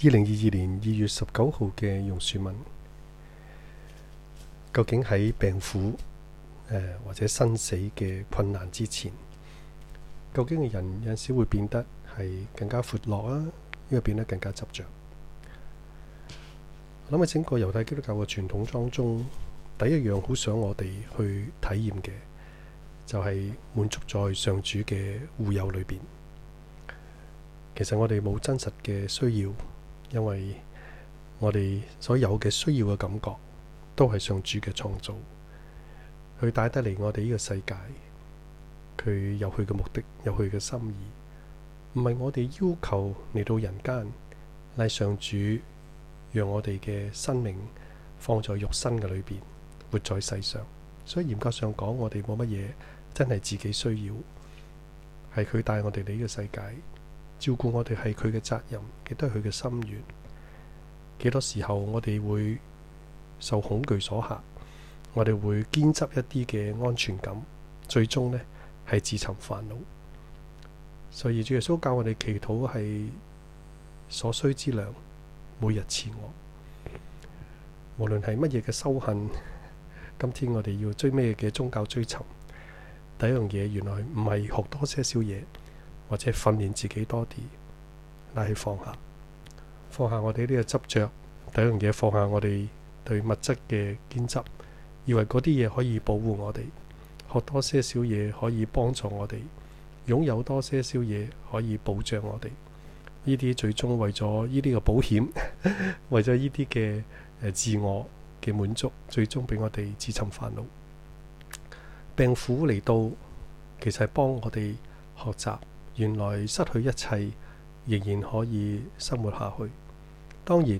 二零二二年二月十九號嘅榕樹文，究竟喺病苦、呃、或者生死嘅困難之前，究竟嘅人有陣時會變得係更加闊落啊，因為變得更加執著。諗起整個猶太基督教嘅傳統當中，第一樣好想我哋去體驗嘅就係、是、滿足在上主嘅護佑裏邊。其實我哋冇真實嘅需要。因為我哋所有嘅需要嘅感覺，都係上主嘅創造，佢帶得嚟我哋呢個世界，佢有佢嘅目的，有佢嘅心意，唔係我哋要求嚟到人間，乃上主，讓我哋嘅生命放在肉身嘅裏邊，活在世上。所以嚴格上講，我哋冇乜嘢真係自己需要，係佢帶我哋嚟呢個世界。照顧我哋係佢嘅責任，亦都係佢嘅心願。幾多時候我哋會受恐懼所嚇？我哋會兼執一啲嘅安全感，最終呢係自尋煩惱。所以主耶穌教我哋祈禱係所需之糧，每日賜我，無論係乜嘢嘅修行，今天我哋要追咩嘅宗教追尋？第一樣嘢原來唔係學多些少嘢。或者訓練自己多啲，但係放下放下我哋呢個執着。第一樣嘢放下我哋對物質嘅堅執，以為嗰啲嘢可以保護我哋，學多些少嘢可以幫助我哋，擁有多些少嘢可以保障我哋。呢啲最終為咗呢啲嘅保險， 為咗呢啲嘅自我嘅滿足，最終俾我哋自尋煩惱。病苦嚟到，其實係幫我哋學習。原來失去一切，仍然可以生活下去。當然，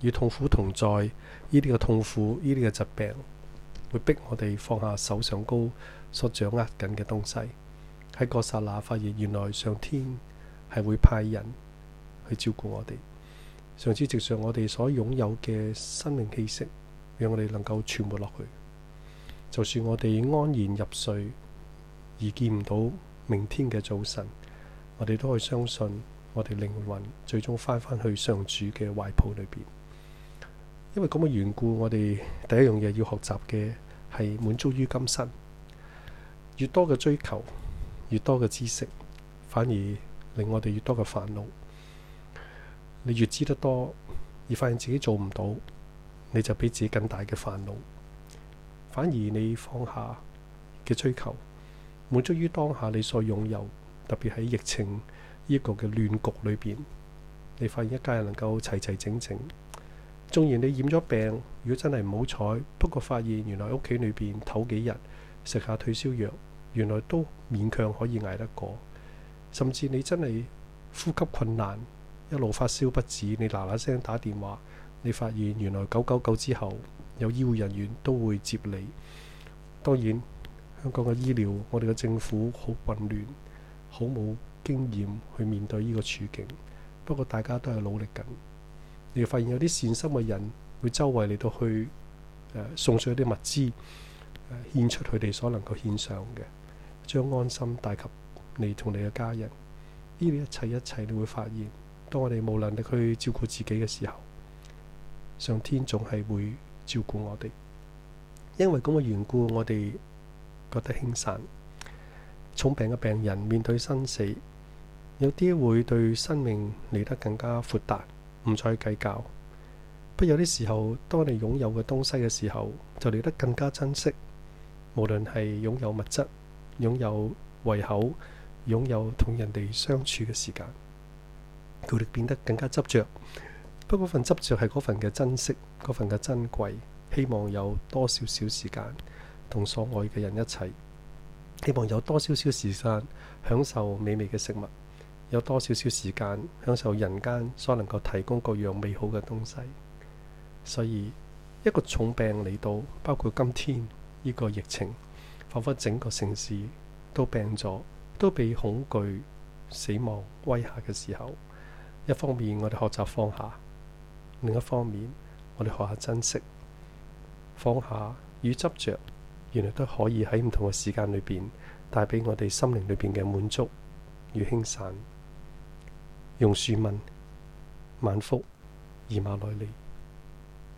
與痛苦同在，呢啲嘅痛苦，呢啲嘅疾病，會逼我哋放下手上高所掌握緊嘅東西。喺個剎那發現，原來上天係會派人去照顧我哋，甚至藉助我哋所擁有嘅生命氣息，讓我哋能夠存活落去。就算我哋安然入睡，而見唔到明天嘅早晨。我哋都可以相信，我哋靈魂最終翻返去上主嘅懷抱裏邊。因為咁嘅緣故，我哋第一樣嘢要學習嘅係滿足於今生。越多嘅追求，越多嘅知識，反而令我哋越多嘅煩惱。你越知得多，而發現自己做唔到，你就俾自己更大嘅煩惱，反而你放下嘅追求，滿足於當下你所擁有。特別喺疫情呢個嘅亂局裏邊，你發現一家人能夠齊齊整整。縱然你染咗病，如果真係唔好彩，不過發現原來屋企裏邊唞幾日，食下退燒藥，原來都勉強可以捱得過。甚至你真係呼吸困難，一路發燒不止，你嗱嗱聲打電話，你發現原來九九九之後，有醫護人員都會接你。當然，香港嘅醫療，我哋嘅政府好混亂。好冇經驗去面對呢個處境，不過大家都係努力緊。你會發現有啲善心嘅人會周圍嚟到去、呃、送上一啲物資，呃、獻出佢哋所能夠獻上嘅，將安心帶給你同你嘅家人。呢啲一切一切，你會發現，當我哋冇能力去照顧自己嘅時候，上天總係會照顧我哋。因為咁嘅緣故，我哋覺得輕散。重病嘅病人面對生死，有啲會對生命嚟得更加豁達，唔再計較。不過有啲時候，當你擁有嘅東西嘅時候，就嚟得更加珍惜。無論係擁有物質、擁有胃口、擁有同人哋相處嘅時間，佢哋變得更加執着。不過份執着係嗰份嘅珍惜，嗰份嘅珍貴，希望有多少少時間同所愛嘅人一齊。希望有多少少時間享受美味嘅食物，有多少少時間享受人間所能夠提供各樣美好嘅東西。所以一個重病嚟到，包括今天呢，這個疫情，彷彿整個城市都病咗，都被恐懼死亡威嚇嘅時候，一方面我哋學習放下，另一方面我哋學下珍惜放下與執着。原來都可以喺唔同嘅時間裏邊，帶畀我哋心靈裏邊嘅滿足與輕散。用樹問：晚福而媽來利。